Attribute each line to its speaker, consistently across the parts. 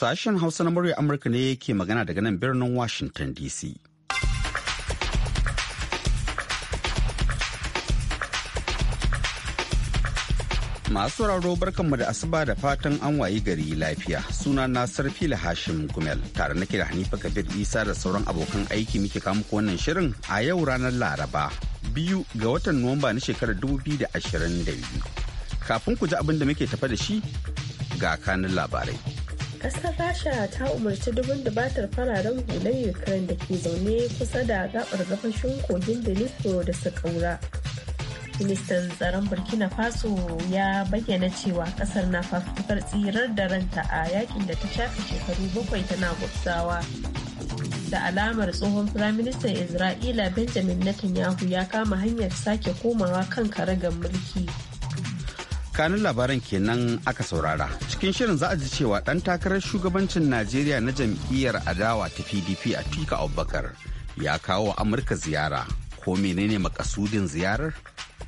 Speaker 1: Sashen Hausa na murya Amurka ne ke magana daga nan birnin Washington DC. Masu raro barkanmu da asuba da fatan an wayi gari lafiya. Suna na sarfi la Hashim Gumel tare nake da Hanifa Kabir Isa da sauran abokan aiki muke ko wannan shirin a yau ranar Laraba. Biyu ga watan Nuwamba na shekarar 2022. Kafin ku ji abin da muke tafa da shi ga kanin labarai.
Speaker 2: kasar rasha ta umarci dubin dubatar fararen hular ukraine da ke zaune kusa da gabar gabashin kogin dnipro da su kaura ministan tsaron burkina faso ya bayyana cewa kasar na fafutukar tsirar da ranta a yakin da ta shafe shekaru bakwai tana gwabzawa da alamar tsohon firaministan isra'ila benjamin netanyahu ya kama hanyar sake komawa kan karagar mulki. mulki
Speaker 1: tsakanin labaran kenan aka saurara cikin shirin za a ji cewa ɗan takarar shugabancin najeriya na jam'iyyar adawa ta pdp a tuka abubakar ya kawo wa amurka ziyara ko menene makasudin ziyarar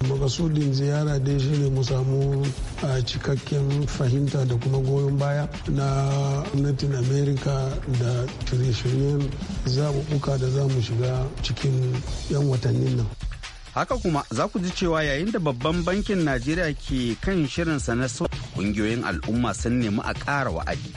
Speaker 3: makasudin ziyara dai shine mu samu a cikakken fahimta da kuma goyon baya na gwamnatin america da shirye-shiryen zaɓuɓɓuka da za mu shiga cikin 'yan watannin nan
Speaker 1: haka kuma za ku ji cewa yayin da babban bankin najeriya ke kan shirinsa na so kungiyoyin al'umma sun nemi a ƙara wa'adi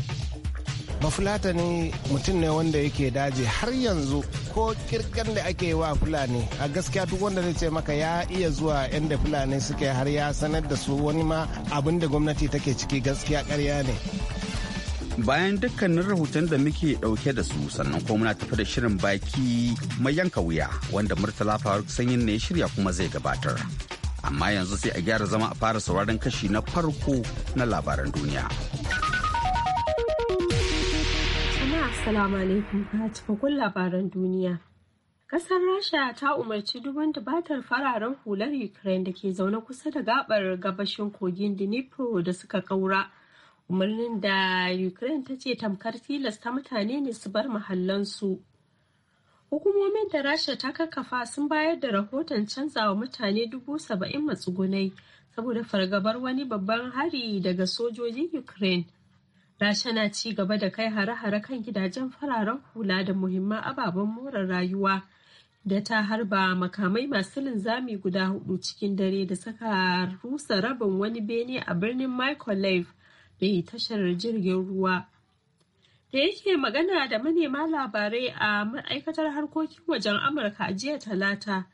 Speaker 4: mafulatani ne mutum ne wanda yake daji har yanzu ko kirkan da ake wa fulani a gaskiya duk wanda zai ce maka ya iya zuwa inda fulani suke har ya sanar da su wani ma abin da gwamnati take ciki gaskiya karya ne
Speaker 1: bayan dukkanin rahoton da muke dauke da su sannan kuma muna tafi da shirin baki mai yanka wuya wanda murtala faruk sanyin ne ya shirya kuma zai gabatar amma yanzu sai a gyara zama a fara sauraron kashi na farko na labaran duniya
Speaker 2: labaran duniya. Kasar Rasha ta umarci duban dubatar fararen hular Ukraine da ke zaune kusa da gabar gabashin kogin Dnipro da suka kaura. umarnin da ukraine ta ce tamkar tilasta mutane ne su bar mahallansu hukumomin da rasha ta kakkafa sun bayar da rahoton canzawa mutane dubu saba'in matsugunai saboda fargabar wani babban hari daga sojojin ukraine rasha na ci gaba da kai hare-hare kan gidajen fararen hula da muhimman ababen more rayuwa da ta harba makamai masu linzami guda hudu cikin dare da saka rusa rabin wani bene a birnin life rufe tashar jirgin ruwa da yake magana da manema labarai a ma'aikatar harkokin wajen amurka a jiya talata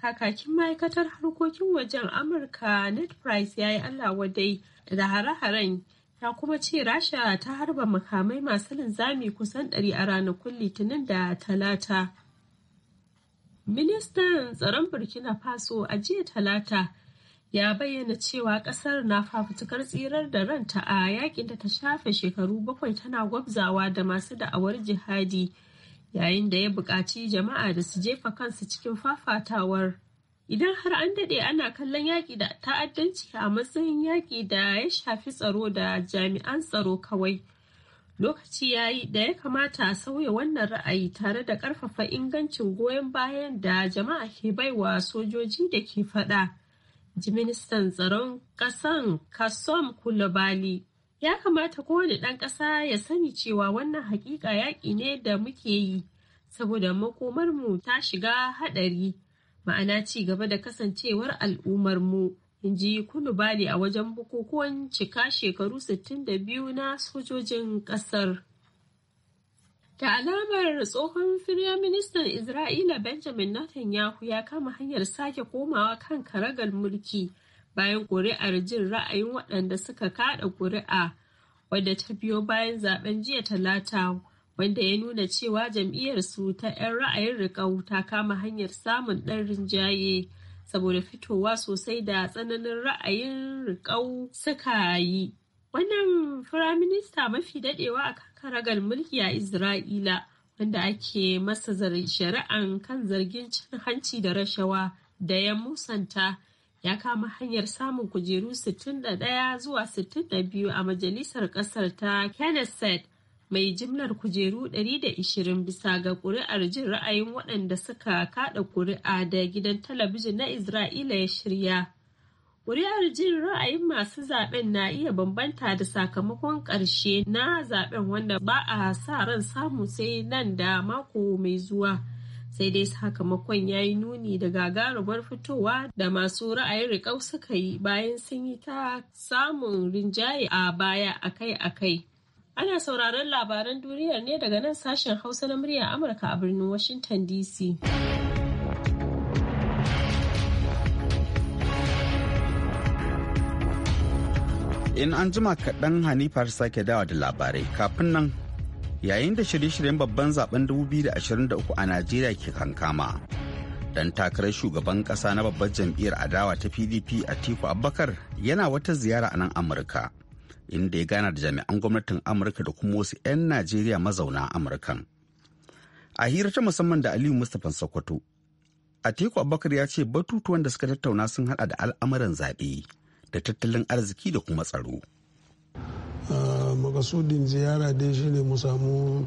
Speaker 2: kakakin ma'aikatar harkokin wajen amurka Ned price ya yi allah wadai da hare-haren ya kuma ce rasha ta harba makamai masu linzami kusan ɗari a ranakun litinin da talata ministan tsaron burkina faso a jiya talata ya bayyana cewa kasar na fafutukar tsirar da ranta a yakin da ta shafe shekaru bakwai tana gwabzawa da masu da'awar jihadi yayin da ya buƙaci jama'a da su jefa kansu cikin fafatawar idan har an daɗe ana kallon yaƙi da ta'addanci a matsayin yaƙi da ya shafi tsaro da jami'an tsaro kawai lokaci ya yi da ya kamata a sauya wannan ra'ayi tare da ƙarfafa ingancin goyon bayan da jama'a ke baiwa sojoji da ke faɗa. ji ministan tsaron ƙasan kasom kulabali ya kamata kowane ɗan ƙasa ya sani cewa wannan hakika yaƙi ne da muke yi saboda makomarmu ta shiga haɗari ma'ana ci gaba da kasancewar al'ummarmu in ji kulubali a wajen bukukuwan cika shekaru 62 na sojojin ƙasar. Da alamar tsohon Ministan Isra'ila Benjamin Netanyahu ya kama hanyar sake komawa kan karagar mulki bayan ƙuri'ar jin ra'ayin waɗanda suka kaɗa ƙuri'a wadda ta biyo bayan zaben jiya talata wanda ya nuna cewa jam'iyyar su ta 'yan ra'ayin riƙau ta kama hanyar samun ɗan rinjaye saboda fitowa sosai da tsananin ra'ayin riƙau suka yi. Wannan firaminista mafi dadewa a kakaragar mulki a Isra'ila wanda ake masa shari'an kan zargin cin hanci da rashawa da ya musanta ya kama hanyar samun kujeru 61 zuwa 62 a majalisar kasar ta Knesset mai jimlar kujeru 120 bisa ga kuri'ar jin ra'ayin waɗanda suka kada kuri'a da gidan talabijin na Isra'ila ya shirya. Kuri'ar jin ra'ayin masu zaben na iya bambanta da sakamakon ƙarshe na zaben wanda ba a sa ran samu sai nan da mako mai zuwa. Sai dai sakamakon ya yi nuni da gagarumar fitowa da masu ra'ayin riƙau suka yi bayan sun yi ta samun rinjaye a baya akai-akai. Ana sauraron labaran duniyar ne daga nan sashen Hausa na murya Amurka a birnin Washington DC.
Speaker 1: in an jima kaɗan hanifar sake dawa da labarai kafin nan yayin da shirye-shiryen babban zaben 2023 a najeriya ke kankama dan takarar shugaban ƙasa na babbar jam'iyyar adawa ta pdp a tiku abubakar yana wata ziyara a nan amurka inda ya gana da jami'an gwamnatin amurka da kuma wasu 'yan najeriya mazauna amurkan a hira ta musamman da aliyu mustapha sokoto a tiku abubakar ya ce batutuwan da suka tattauna sun hada da al'amuran zaɓe da tattalin arziki da kuma tsaro.
Speaker 3: makasudin ziyara dai shi ne mu samu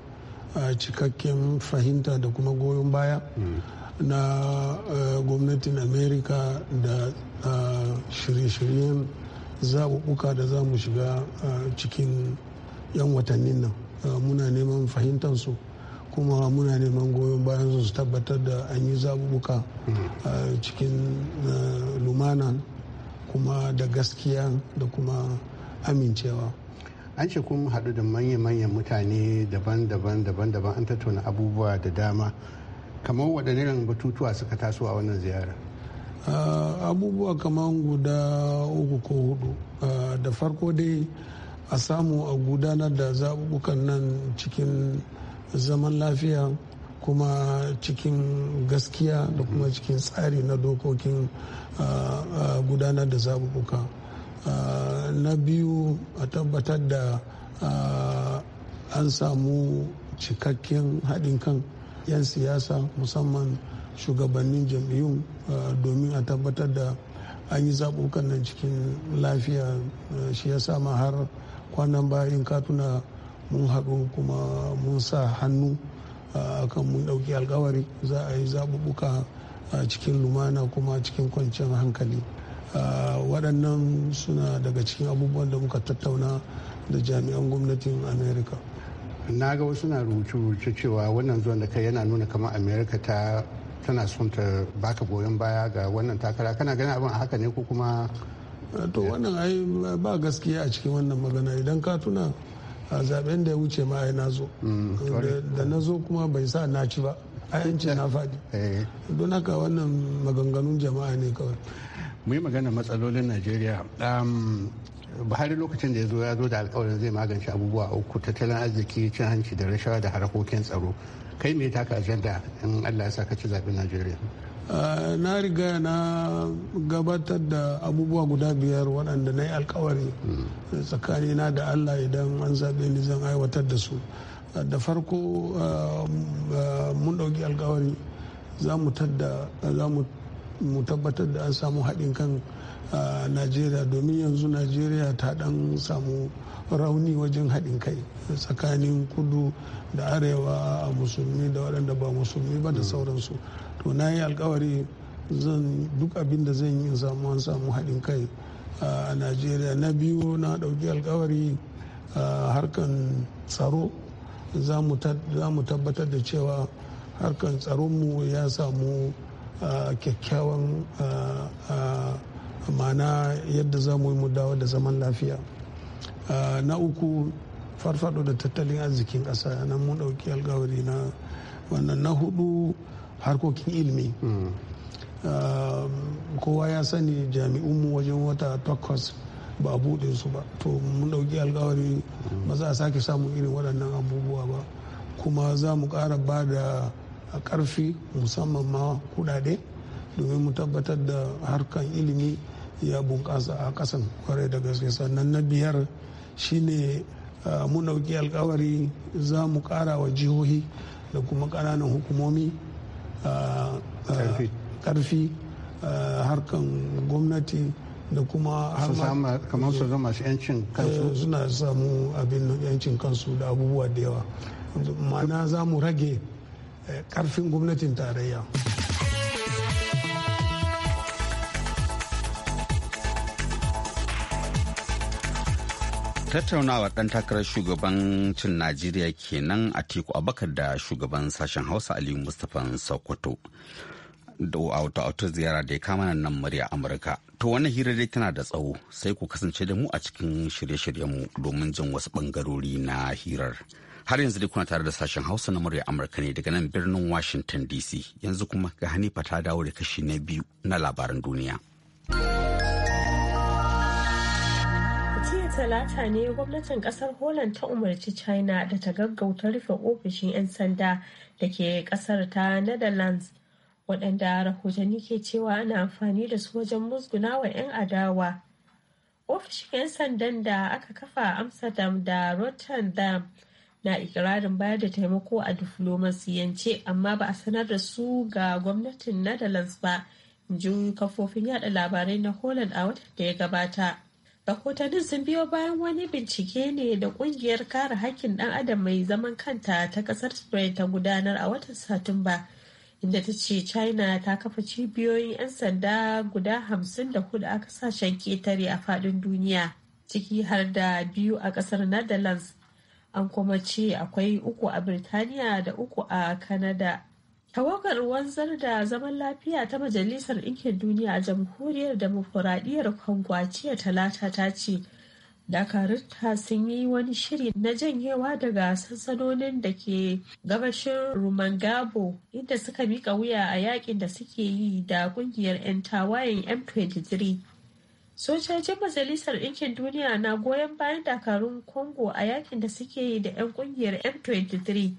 Speaker 3: cikakken fahimta da kuma goyon baya hmm. na gwamnatin amerika da shirye-shiryen zaɓuɓɓuka da za mu shiga cikin 'yan watannin nan muna neman fahimtansu kuma muna neman goyon bayan su tabbatar da an yi zaɓuɓɓuka hmm. cikin lumana kuma da gaskiya da kuma amincewa an ce kun haɗu da manya-manyan mutane daban-daban daban-daban an tattauna abubuwa da dama kamar waɗanne irin batutuwa suka taso a wannan ziyara ah, abubuwa kamar guda uku ko hudu ah, da farko dai a samu a gudanar da zaɓuɓɓukan nan cikin zaman lafiya kuma cikin gaskiya da kuma cikin tsari na dokokin gudanar da zaɓuɓɓuka na biyu a tabbatar da an samu cikakken haɗin kan 'yan siyasa musamman shugabannin jam'iyyun domin a tabbatar da an yi zaɓuɓɓukan nan cikin lafiya shi ya sama har kwanan bayan katuna mun haɗu kuma mun sa hannu kan mun ɗauki alkawari za a yi zaɓuɓɓuka a cikin lumana kuma cikin kwanciyar hankali waɗannan suna daga cikin abubuwan da muka tattauna da jami'an gwamnatin america na ga wasu na rubuce-rubuce cewa wannan zuwan da kai yana nuna kamar america ta tana son ta baka goyon baya ga wannan takara kana ganin abin a haka ne ko kuma to wannan ai ba gaskiya a cikin wannan magana idan ka tuna a zaben da ya wuce ma ya nazo mm, da nazo kuma bai sa na ci ba ayancin na faɗi eh. don haka wannan maganganun jama'a ne kawai muyi magana matsalolin najeriya um, buhari lokacin da ya zo ya zo da alkawarin zai magance abubuwa uku tattalin arziki cin hanci da rashawa da harkokin tsaro kai me taka ajanda in allah ya sa ka ci zaben najeriya Eh, na riga na gabatar da abubuwa guda biyar waɗanda na yi alkawari tsakanina da allah idan an zaɓe ni zan aiwatar da su eh, da farko eh, mun ɗauki alkawari za mu tabbatar da an samu haɗin kan a najeriya domin yanzu najeriya ta dan samu rauni wajen haɗin kai tsakanin kudu da arewa a musulmi da waɗanda ba musulmi ba da mm. sauransu to na yi alkawari zan duk abin da zan yi samu an samu haɗin kai a najeriya na biyu na ɗauki alkawari a harkan tsaro za mu tabbatar da cewa harkan tsaronmu ya samu kyakkyawan ma'ana yadda za mu yi mu dawo da zaman lafiya ah, na uku farfado da tattalin arzikin ƙasa nan mun ɗauki alkawari na wannan na hudu harkokin ilimi hmm. kowa ya sani jami'unmu wajen wata takwas ba a buɗe su ba to mun ɗauki alkawari ba za a sake samun irin waɗannan abubuwa ba kuma za mu ƙara ba da karfi musamman ma kuɗaɗe domin mu tabbatar da harkan ilimi ya bunƙasa a ƙasan kwarai da gaske sannan na biyar shine mu ɗauki alkawari za mu ƙara wa jihohi da kuma ƙananan hukumomi ƙarfi harkan gwamnati da kuma su zama yancin eh, kansu suna samu abin yancin kansu da abubuwa da yawa mana za mu rage eh, ƙarfin gwamnatin tarayya
Speaker 1: tattaunawa ɗan takarar shugaban shugabancin najeriya kenan a teku bakar da shugaban sashen hausa aliyu mustapha sokoto da auto ziyara da ya kama nan murya amurka to wannan hira dai tana da tsawo sai ku kasance da mu a cikin shirye-shiryenmu domin jin wasu bangarori na hirar har yanzu dai kuna tare da sashen hausa na murya amurka ne daga nan birnin washington dc yanzu kuma ga hanifa ta dawo da kashi na biyu na labaran duniya.
Speaker 2: talata ne gwamnatin kasar Holland ta umarci China da ta gaggauta rufe ofishin 'yan sanda da ke kasar ta Netherlands waɗanda rahotanni ke cewa ana amfani da su wajen musguna wa 'yan adawa. Ofishin 'yan sandan da aka kafa a Amsterdam da Rotterdam na ikirarin bayar da taimako a diflomasiyance amma ba a sanar da su ga gwamnatin Netherlands ba, in ji kafofin yada labarai na Holland a watan da ya gabata. rahotannin sun biyo bayan wani bincike ne da kungiyar kare hakkin ɗan adam mai zaman kanta ta ƙasar spain ta gudanar a watan satumba inda ta ce china ta kafa cibiyoyin 'yan sanda guda hamsin da hudu a kasashen ketare a fadin duniya ciki har da biyu a ƙasar netherlands an kuma ce akwai uku a birtaniya da uku a canada Tawagar wanzar da zaman lafiya ta Majalisar Ɗinkin Duniya a Jamhuriyar Demokuraɗiyyar a jiya talata ta ce, Dakarunta sun yi wani shiri na janyewa daga sansanonin da ke gabashin Rumangabo inda suka miƙa wuya a yakin da suke yi da ƙungiyar 'yan tawayen M23. Sojojin Majalisar Ɗinkin Duniya na goyon bayan dakarun Congo a yakin da suke yi da 'yan ƙungiyar M23.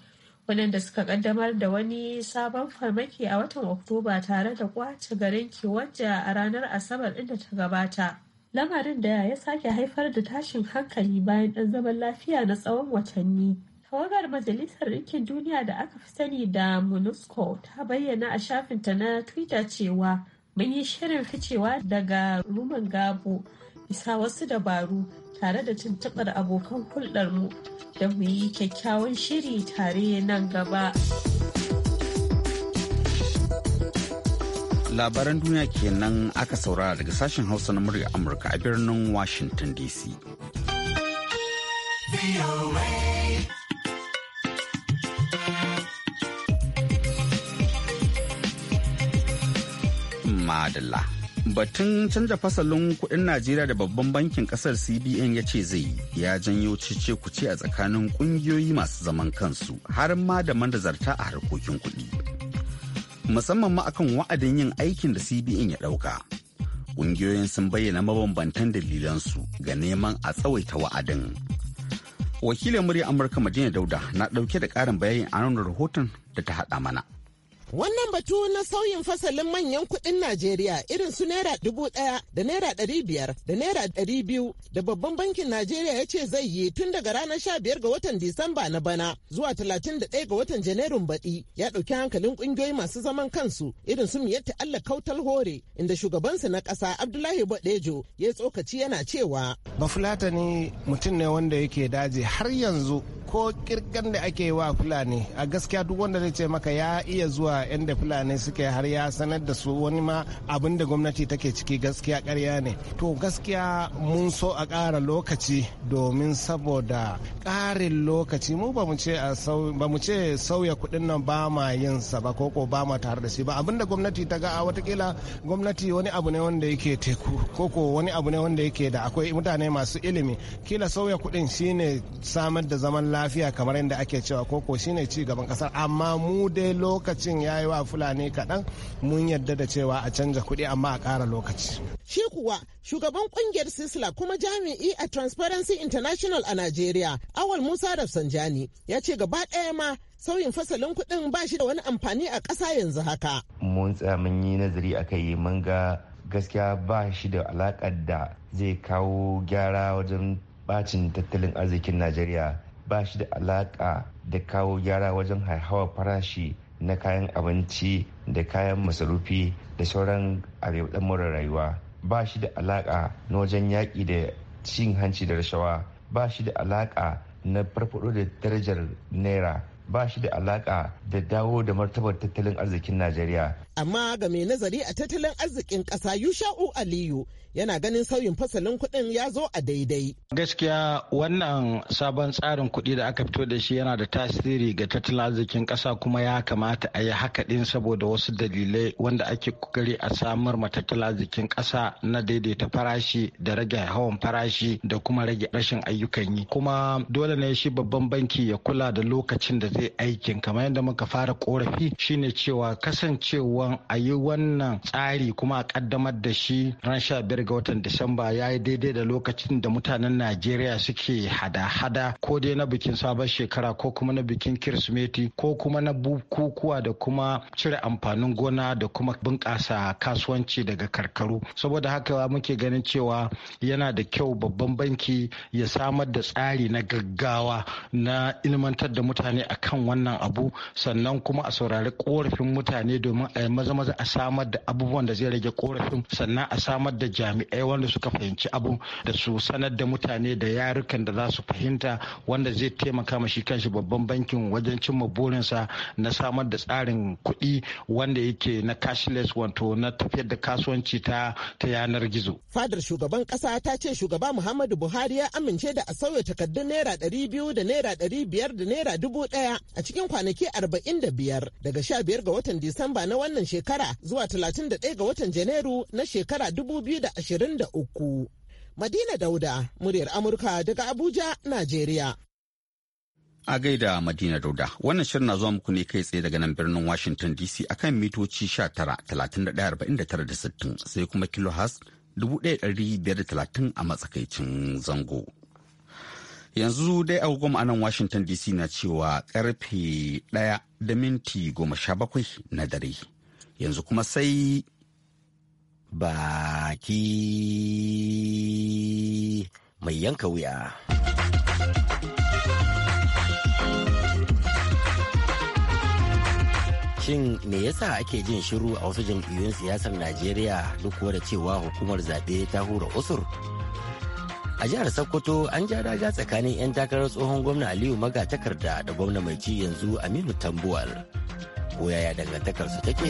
Speaker 2: waɗanda suka ƙaddamar da wani sabon farmaki a watan oktoba tare da kwace garin kiwanja a ranar asabar inda ta gabata lamarin da ya sake haifar da tashin hankali bayan ɗan zaman lafiya na tsawon watanni tawagar majalisar ɗinkin duniya da aka fi sani da monusco ta bayyana a shafinta na twitter cewa mun yi shirin ficewa daga ruman gabo bisa wasu dabaru tare da tuntuɓar abokan hulɗarmu don mu yi kyakkyawan shiri tare nan gaba.
Speaker 1: Labaran duniya kenan aka saurara daga sashen Hausa na murya Amurka a birnin Washington DC. Madalla. batun canza fasalin kuɗin najeriya da babban bankin ƙasar cbn ya ce zai ya janyo cece kuce a tsakanin ƙungiyoyi masu zaman kansu har ma da manazarta a harkokin kuɗi. musamman ma akan wa'adin yin aikin da cbn ya ɗauka. Ƙungiyoyin sun bayyana mabambantan dalilansu ga neman a tsawaita wa'adin wakilin murya amurka madina dauda na ɗauke da ƙarin bayani a rahoton da ta haɗa mana
Speaker 5: Wannan batu na sauyin fasalin manyan kuɗin Najeriya irin su Naira dubu ɗaya da Naira ɗari biyar da Naira ɗari biyu da babban bankin Najeriya ya ce zai yi tun daga ranar sha biyar ga watan Disamba na bana zuwa talatin da ɗaya ga watan Janairun baɗi ya ɗauki hankalin ƙungiyoyi masu zaman kansu irin su Miyatta Allah Kautal Hore inda shugabansu na ƙasa Abdullahi Badejo ya tsokaci yana cewa.
Speaker 4: Bafulatani mutum ne wanda yake daji har yanzu ko kirgan da ake yi wa Fulani a gaskiya duk wanda zai ce maka ya iya zuwa abubuwa da fulani suke har ya sanar da su wani ma abin da gwamnati take ciki gaskiya karya ne to gaskiya mun so a kara lokaci domin saboda ƙarin lokaci mu ba mu ce sauya kuɗin nan ba ma yin sa ba koko ba ma tare da shi ba abin da gwamnati ta ga watakila gwamnati wani abu ne wanda yake teku koko wani abu ne wanda yake da akwai mutane masu ilimi kila sauya kuɗin shine samar da zaman lafiya kamar yadda ake cewa koko shine ci gaban kasar amma mu dai lokacin ya yi wa fulani kaɗan mun yarda da cewa a canza kuɗi amma a ƙara lokaci.
Speaker 5: Shi kuwa shugaban ƙungiyar Sisla kuma jami'i a Transparency International a Najeriya, Awal Musa Rafsanjani ya ce gaba ɗaya ma sauyin fasalin kuɗin ba shi da wani amfani a ƙasa yanzu haka.
Speaker 1: Mun tsaya mun yi nazari a kai mun ga gaskiya ba shi da alaƙar da zai kawo gyara wajen bacin tattalin arzikin Najeriya. ba shi da alaƙa da kawo gyara wajen haihawa farashi na kayan abinci da kayan masarufi da sauran arewa more rayuwa ba shi da alaƙa na wajen yaƙi da cin hanci da rashawa ba shi da alaƙa na farfaɗo da darajar naira ba shi da alaƙa da dawo da martabar tattalin arzikin najeriya
Speaker 5: amma ga mai nazari a tattalin arzikin ƙasa yusha'u aliyu yana ganin sauyin fasalin kuɗin ya zo a daidai
Speaker 6: gaskiya wannan sabon tsarin kuɗi da aka fito da shi yana da tasiri ga tattalin arzikin ƙasa kuma ya kamata a yi haka ɗin saboda wasu dalilai wanda ake kokari a samar ma tattalin arzikin ƙasa na daidaita farashi da rage hawan farashi da kuma rage rashin ayyukan yi kuma dole ne shi babban banki ya kula da lokacin da zai aikin kamar yadda muka fara korafi shine cewa kasancewa don a yi wannan tsari kuma a kaddamar da shi ran sha biyar ga watan Disamba ya yi daidai da lokacin da mutanen Najeriya suke hada-hada ko dai na bikin sabon shekara ko kuma na bikin Kirsimeti ko kuma na bukukuwa da kuma cire amfanin gona da kuma bunƙasa kasuwanci daga karkaru. Saboda haka muke ganin cewa yana da kyau babban banki ya samar da tsari na gaggawa na ilmantar da mutane akan wannan abu sannan kuma a saurari korafin mutane domin a yi maza maza a samar da abubuwan da zai rage korafin sannan a samar da jami'ai wanda suka fahimci abu da su sanar da mutane da yarukan da za su fahimta wanda zai taimaka ma shi kanshi babban bankin wajen cimma burinsa na samar da tsarin kuɗi wanda yake na cashless wato na tafiyar da kasuwanci ta ta yanar gizo.
Speaker 5: Fadar shugaban kasa ta ce shugaba Muhammadu Buhari ya amince da a sauya takardun naira ɗari biyu da naira ɗari biyar da naira dubu ɗaya a cikin kwanaki arba'in da biyar daga sha biyar ga watan Disamba na wannan shekara zuwa 31 ga watan Janairu na shekara 2023. Madina Dauda, muryar Amurka daga Abuja, Najeriya.
Speaker 1: A gaida Madina Dauda, wannan shirin na zuwa muku ne kai tsaye daga nan birnin Washington DC akan mitoci 19,31,49,60 sai kuma kilohas 1,530 a matsakaicin zango. Yanzu dai agogon a nan Washington DC na cewa karfe 1 da minti 17 na dare. yanzu kuma sai baki
Speaker 7: mai yanka wuya. Shin me yasa ake jin shiru a wasu jam'iyyun siyasar Najeriya duk da cewa hukumar zaɓe ta hura usur? A jihar Sokoto an ja daga tsakanin 'yan takarar tsohon gwamna Aliyu Maga takarda da gwamna mai ci yanzu Aminu Tambuwal. ko yaya dangantakarsu take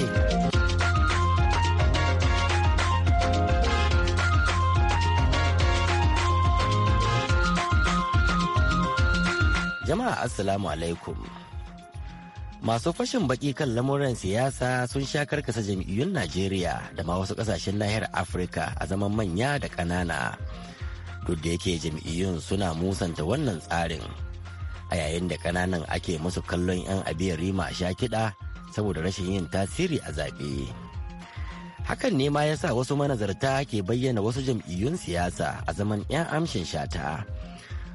Speaker 7: jama'a assalamu alaikum masu fashin baki kan lamuran siyasa sun sha karkasa jam'iyyun najeriya da ma wasu kasashen nahiyar afirka a zaman manya da ƙanana duk da yake jam'iyyun suna musanta wannan tsarin a yayin da ƙananan ake musu kallon 'yan abiyar rima sha kiɗa saboda rashin yin tasiri a zaɓe. Hakan ne ma ya sa wasu manazarta ke bayyana wasu jam'iyyun siyasa a zaman 'yan amshin shata.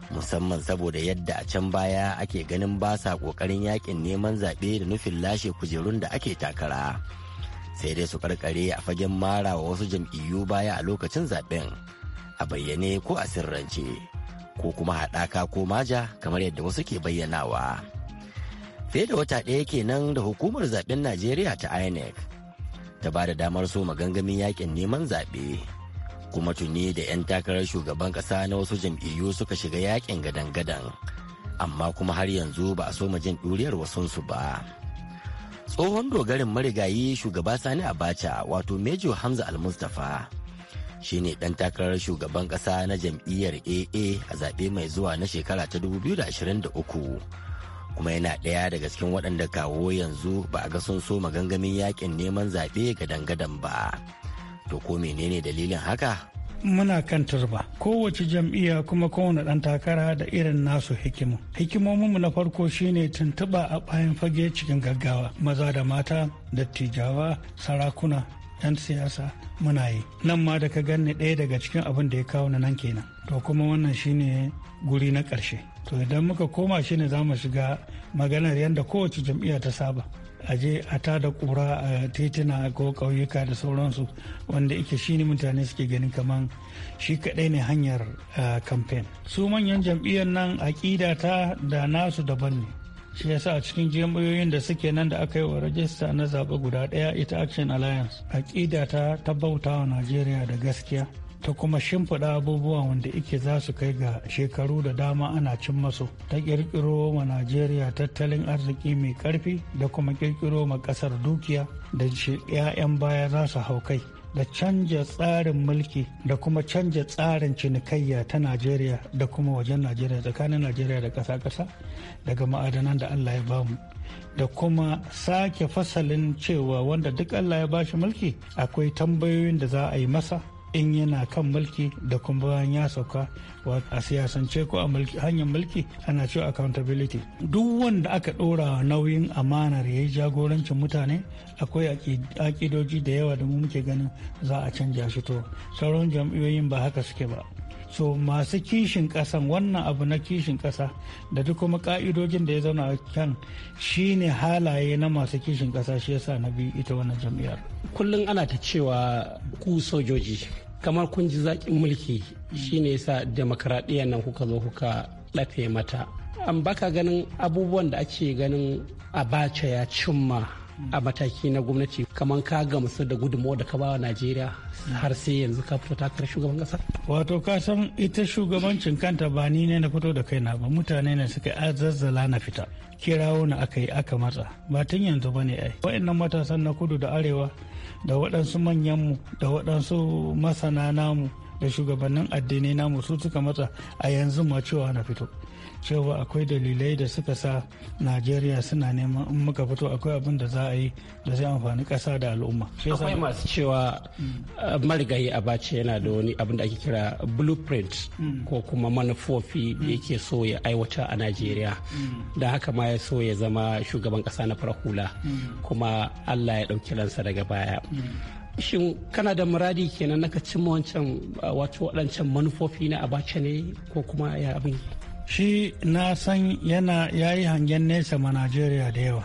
Speaker 7: Musamman saboda yadda a can baya ake ganin ba sa ƙoƙarin yakin neman zaɓe da nufin lashe kujerun da ake takara. Sai dai su karkare a fagen mara wa wasu jam'iyyu baya a lokacin zaɓen. A bayyane ko a sirrance. ko kuma haɗaka ko maja kamar yadda wasu ke bayyanawa. fiye da wata ɗaya kenan da hukumar zaben najeriya ta inec ta ba da damar so magangamin yakin neman zaɓe kuma tuni da 'yan takarar shugaban ƙasa na wasu jam'iyyu suka shiga yakin gadan-gadan amma kuma har yanzu ba a so jin ɗuriyar wasunsu ba tsohon dogarin marigayi shugaba sani abacha wato mejo hamza al-mustapha ne ɗan takarar shugaban ƙasa na jam'iyyar aa a zaɓe mai zuwa na shekara ta 2023 kuma yana ɗaya daga cikin waɗanda kawo yanzu ba a ga sun so magangamin yakin neman zaɓe ga dangadan ba to ko menene dalilin haka
Speaker 8: muna kan turba kowace jam'iyya kuma kowane ɗan takara da irin nasu hikima hikimomin mu na farko shine tuntuɓa a bayan fage cikin gaggawa maza da mata dattijawa sarakuna 'yan siyasa muna yi nan ma da ka ganni ɗaya daga cikin abin da ya kawo na nan kenan to kuma wannan shine guri na ƙarshe to idan muka koma shine za mu shiga maganar yadda kowace jam'iyya ta saba a je a da kura a titina ko ƙauyuka da sauransu wanda ike shi mutane suke ganin kamar shi kaɗai ne hanyar kamfen ah, su manyan jam'iyyar nan aƙida ta da nasu daban ne shi yasa a cikin jami'oyin da suke nan da aka yi wa rajista na zaɓe guda ɗaya ita action alliance aƙida ta ta bauta wa najeriya da gaskiya ta kuma shimfiɗa abubuwa wanda ike za su kai ga shekaru da dama ana cin masu ta ƙirƙiro wa najeriya tattalin arziki mai ƙarfi da kuma ƙirƙiro ma ƙasar dukiya da 'ya'yan baya za su hau kai da canja tsarin mulki da kuma canja tsarin cinikayya ta najeriya da kuma wajen najeriya tsakanin najeriya da ƙasa-ƙasa daga ma'adanan da allah ya bamu da kuma sake fasalin cewa wanda duk allah ya bashi mulki akwai tambayoyin da za a yi masa in yana kan mulki da kuma bayan ya sauka a siyasance ko a hanyar mulki ana cewa accountability duk wanda aka ɗora nauyin amanar ya yi jagorancin mutane akwai akidoji da yawa da muke ganin za a canja shi to sauran jam'iyyoyin ba haka suke ba so masu kishin kasan wannan abu na kishin kasa da duk kuma ka'idojin da ya zauna a kan shine halaye na masu kishin kasa shi yasa na bi ita wannan jam'iyyar
Speaker 9: kullum ana ta cewa ku sojoji kamar kun ji zaƙin mulki shine yasa demokradiyya nan kuka zo kuka ɗafe mata an baka ganin abubuwan da ake ganin abacha ya cimma a mataki na gwamnati kamar ka gamsu da gudunmawar da ka ba najeriya har sai yanzu ka fito takarar shugaban kasa wato ka san ita
Speaker 8: shugabancin kanta ba ni ne na fito da kaina ba mutane ne suka azazzala na fita kirawo na aka yi aka matsa ba tun yanzu ba ne ai matasan na kudu da arewa da waɗansu manyanmu da waɗansu masana namu da shugabannin addinai namu su suka matsa a yanzu ma cewa na fito cewa akwai dalilai da suka sa najeriya suna neman in muka fito akwai abin da za a yi da zai amfani ƙasa da al'umma akwai
Speaker 9: masu cewa mm. uh, marigayi bace yana da wani abin da ake kira blueprint mm. ko kuma manufofi da mm. yake so ya aiwata a najeriya da haka ma ya so ya zama shugaban kasa na fara hula kuma allah ya ɗauki ransa daga baya shin kana da muradi kenan naka cimma wancan uh, wato waɗancan manufofi na abace ne ko kuma ya abin
Speaker 8: shi na san yana ya yi hangen nesa ma najeriya da yawa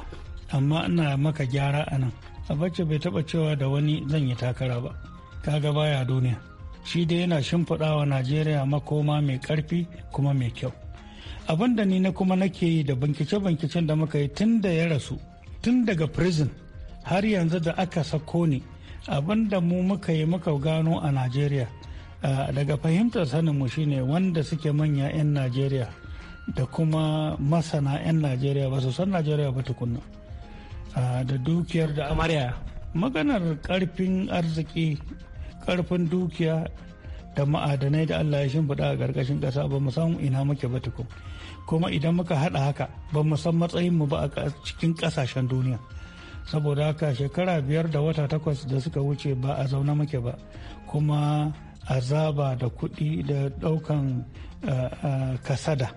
Speaker 8: amma ina maka gyara a nan abacha bai taba cewa da wani zan yi takara ba kaga baya duniya shi dai yana shimfiɗa wa najeriya makoma mai ƙarfi kuma mai kyau abin da ni na kuma nake yi da bankice-bankicen da muka yi tun da ya rasu tun daga prison har yanzu da aka sako ni abin da mu muka yi muka gano a najeriya Eh, daga fahimtar sanin mu shine wanda suke manya 'yan najeriya da kuma masana 'yan najeriya ba su san najeriya ba tukunna eh, da dukiyar da amarya maganar karfin arziki karfin dukiya da ma'adanai da allah ya shimfiɗa a ƙarƙashin ƙasa ba mu san ina muke ba tukun kuma idan muka haɗa haka ba mu san mu ba a cikin ƙasashen duniya saboda haka shekara biyar da wata takwas da suka wuce ba a zaune muke ba kuma azaba da kuɗi da ɗaukan eh, eh, kasada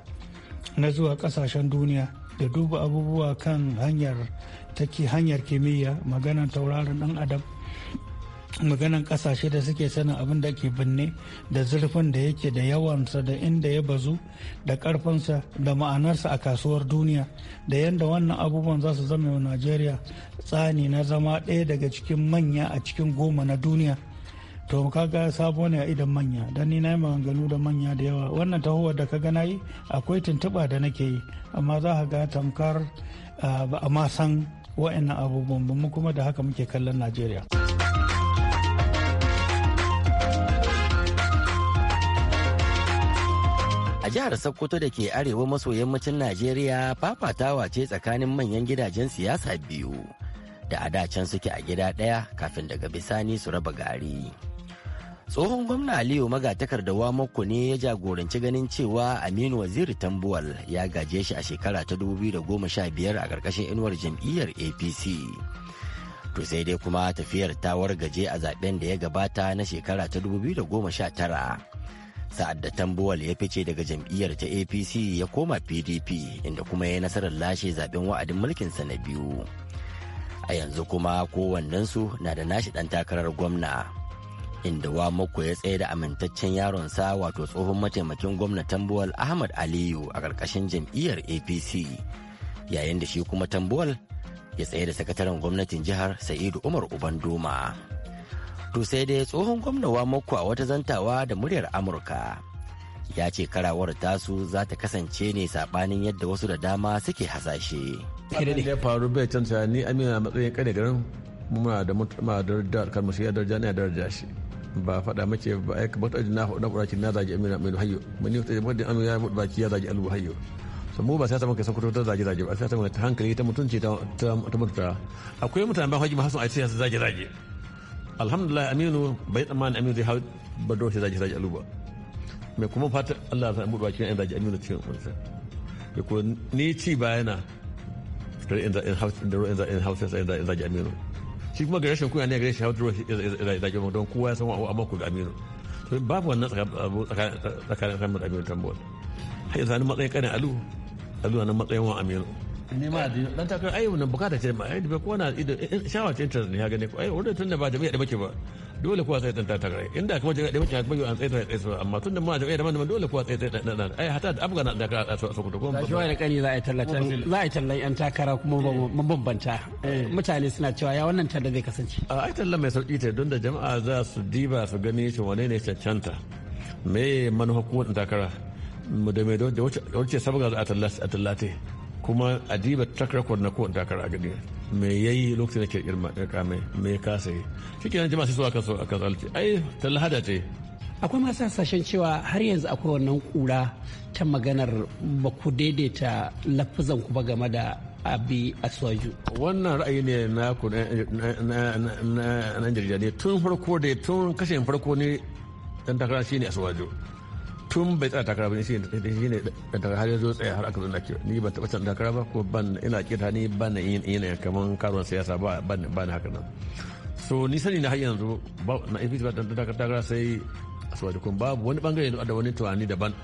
Speaker 8: na zuwa ƙasashen duniya da duba abubuwa kan hanyar take hanyar kimiyya maganan tauraron ɗan adam maganan ƙasashe da suke sanin abin da ke binne da zurfin da yake da yawansa da inda ya bazu da ƙarfinsa da ma'anarsa a kasuwar duniya da yadda wannan abubuwan za su zama wa najeriya tsani na zama ɗaya daga cikin manya a cikin goma na duniya to kaga sabo ne a idan manya dan ni na yi maganganu da manya da yawa wannan tahowar da ka gana yi akwai tuntuɓa da nake yi amma za ka ga tamkar ba a ma san wa'annan abubuwan ba mu kuma da haka muke kallon najeriya
Speaker 7: a jihar sokoto da ke arewa maso yammacin najeriya fafatawa ce tsakanin manyan gidajen siyasa biyu da a can suke a gida ɗaya kafin daga bisani su raba gari tsohon gwamna aliyu magatakardawa mako ne ya jagoranci ganin cewa aminu waziri tambuwal ya gaje shi a shekara ta 2015 a ƙarƙashin inuwar jam'iyyar apc to sai dai kuma tafiyar tawar gaje a zaben da ya gabata na shekara ta 2019 sa'ad da tambuwal ya fice daga jam'iyyar ta apc ya koma pdp inda kuma ya nasarar lashe zaben wa'adin mulkinsa na biyu a yanzu kuma kowannensu na da nashi ɗan takarar gwamna. inda wa mako ya tsaye da amintaccen yaronsa wato tsohon mataimakin gwamna tambuwal ahmad aliyu a karkashin jam'iyyar apc yayin da shi kuma tambuwal ya tsaye da sakataren gwamnatin jihar sa'idu umar ubandoma to sai dai tsohon wa mako a wata zantawa da muryar amurka ya ce karawar tasu za ta kasance ne sabanin yadda wasu da dama suke hasashe.
Speaker 10: Abin da ya faru bai canza ni amina matsayin kare garin muna da mutuma da darajar kalmar ya daraja ne ya shi ba faɗa mace ba ya kamata ta na faɗa baki na zagi amina mai hayyo mani wata jama'a da amina ya faɗa baki ya zagi albu hayyo so mu ba sai ta muka san ta zagi zagi ba sai ta ta hankali ta mutunci ta ta mutunta akwai mutane ba haji ma hasan a cikin zagi zagi alhamdulillah aminu bai tsammani aminu zai hau ba dole zagi zagi albu ba mai kuma fata Allah ya san baki ya zagi aminu cikin kunsa ko ni ci bayana da in zagi aminu shi kuma ga rashin kunya ne gare shi da zage mu don kowa ya san wa amma ku ga aminu to babu wannan tsakanin kan da aminu tambol sai zani matsayin kanin alu alu na matsayin wa aminu ne ma da dan takarar ayyukan bukata ce ma ai da kowa na shawar interest ne ya gane ko ai wurin tun da ba jami'a da bake ba dole kuwa sai tantata gare inda kuma jira ɗaya mutane bayo an tsaye tsaye tsaye amma tun da ma da manoma dole kuwa tsaye tsaye tsaye tsaye ai hata da afghan da ka a su kuma shi wani kani za a yi tallatan
Speaker 9: za a yi tallan yan takara kuma mabambanta mutane suna cewa ya wannan talla zai kasance
Speaker 10: a ai tallan mai sauki ce don da jama'a za su diba su gani shi wane ne cancanta me manufa kuma takara da mai da wuce sabga a tallate kuma a diba track record na kowane takar a gani me ya yi lokacin da ke irma kame me ya kasa yi shi kenan jama'a sai su akan su akan alci ai talhada ce
Speaker 9: akwai masu hasashen cewa har yanzu akwai wannan kura ta maganar ba ku daidaita lafizan ku ba game da
Speaker 10: abi aswaju wannan ra'ayi ne na ku na jarida ne tun farko da tun kashe farko ne dan takara shine aswaju tun bai tsaya takara ba shi ne daga har yanzu tsaye har aka zo ke ni ban taɓa tsaya takara ba ko ban ina ta ni ban yin yin kaman karuwan siyasa ba ban ban haka nan so ni sani na har yanzu na APC ba ta takara sai aswadi kun babu wani bangare da wani tunani daban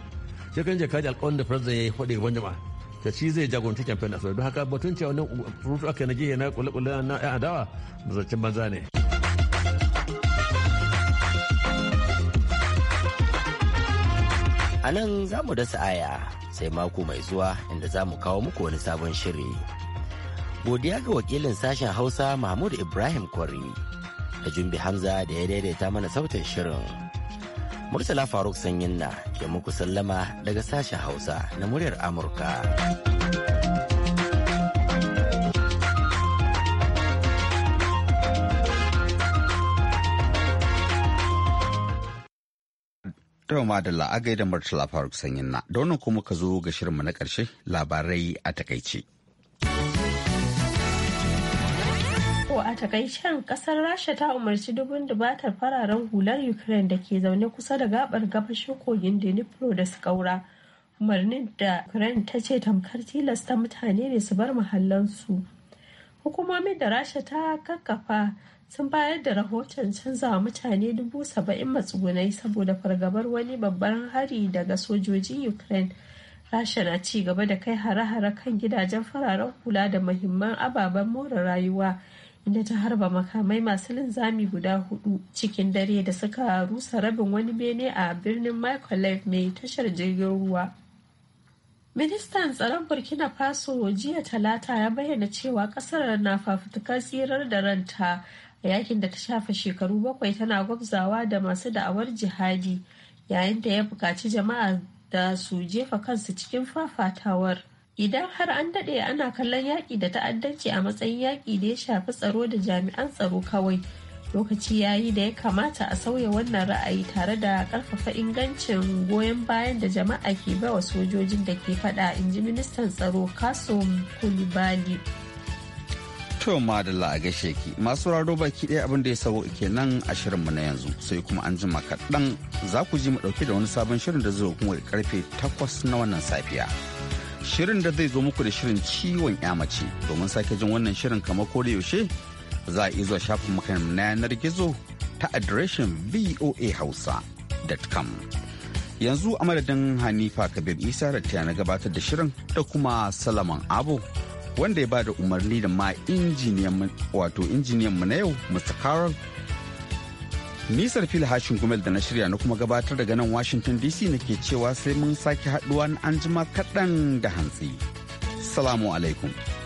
Speaker 10: sai kan je kaji alƙawarin da president ya yi faɗi gaban jama'a da shi zai jagoranci campaign a sauri haka batun cewa wani rufu aka na jiya na kula-kula na 'yan adawa zancen banza ne.
Speaker 7: A nan za mu dasa aya sai mako mai zuwa inda za mu kawo muku wani sabon shiri. Godiya ga wakilin sashen Hausa Mahmud Ibrahim Kwari da Jumbi Hamza da ya daidaita mana sautin shirin. Murtala Faruk Sanyin na ke muku sallama daga sashen Hausa na muryar Amurka.
Speaker 1: Dawa Madalla a gaida Murtala Faruk Sanyin na. Da wannan kuma ka zo ga shirinmu na ƙarshe labarai a takaice.
Speaker 2: a takaicen ƙasar rasha ta umarci dubun dubatar fararen hular ukraine da ke zaune kusa da gabar gabashin kogin dnipro da su kaura umarnin da ukraine ta ce tamkar tilasta mutane ne su bar mahallansu hukumomin da rasha ta kakkafa sun bayar da rahoton canzawa mutane dubu saba'in matsugunai saboda fargabar wani babban hari daga sojojin ukraine rasha na ci gaba da kai hare-hare kan gidajen fararen hula da muhimman ababen more rayuwa inda ta harba makamai masu linzami guda hudu cikin dare da suka rusa rabin wani bene a birnin microlife mai tashar jirgin ruwa ministan tsaron burkina faso jiya talata ya bayyana cewa kasar na fafutukar tsirar da ranta a yakin da ta shafa shekaru bakwai tana gwabzawa da masu da'awar jihadi yayin da ya bukaci jama'a da su jefa kansu cikin fafatawar. Idan har an daɗe ana kallon yaƙi da ta'addanci a matsayin yaƙi da ya shafi tsaro da jami'an tsaro kawai, lokaci ya yi da ya kamata a sauya wannan ra'ayi tare da ƙarfafa ingancin goyon bayan da jama'a ke bawa sojojin da ke faɗa, in ji ministan tsaro Kasum Kulibali.
Speaker 1: To madalla a gaishe ki masu raro baki ɗaya abin da ya sabo nan a shirinmu na yanzu sai kuma an jima kaɗan za ku ji mu ɗauke da wani sabon shirin da zai kuma karfe takwas na wannan safiya. Shirin da zai zo muku da shirin ciwon ya mace domin sake jin wannan shirin kamar ko da yaushe za a izo zuwa shafin makarin na yanar gizo ta adireshin hausa.com Yanzu a madadin Hanifa Kabir Isa da ta na gabatar da shirin da kuma Salaman Abu wanda ya ba da umarni da ma injiniyan wato injiniyan mu na yau Mr. Carol Nisar fil hashin gumel da na shirya na kuma gabatar daga nan Washington DC ke cewa sai mun sake haduwa an jima kaɗan da hantsi. Salamu alaikum.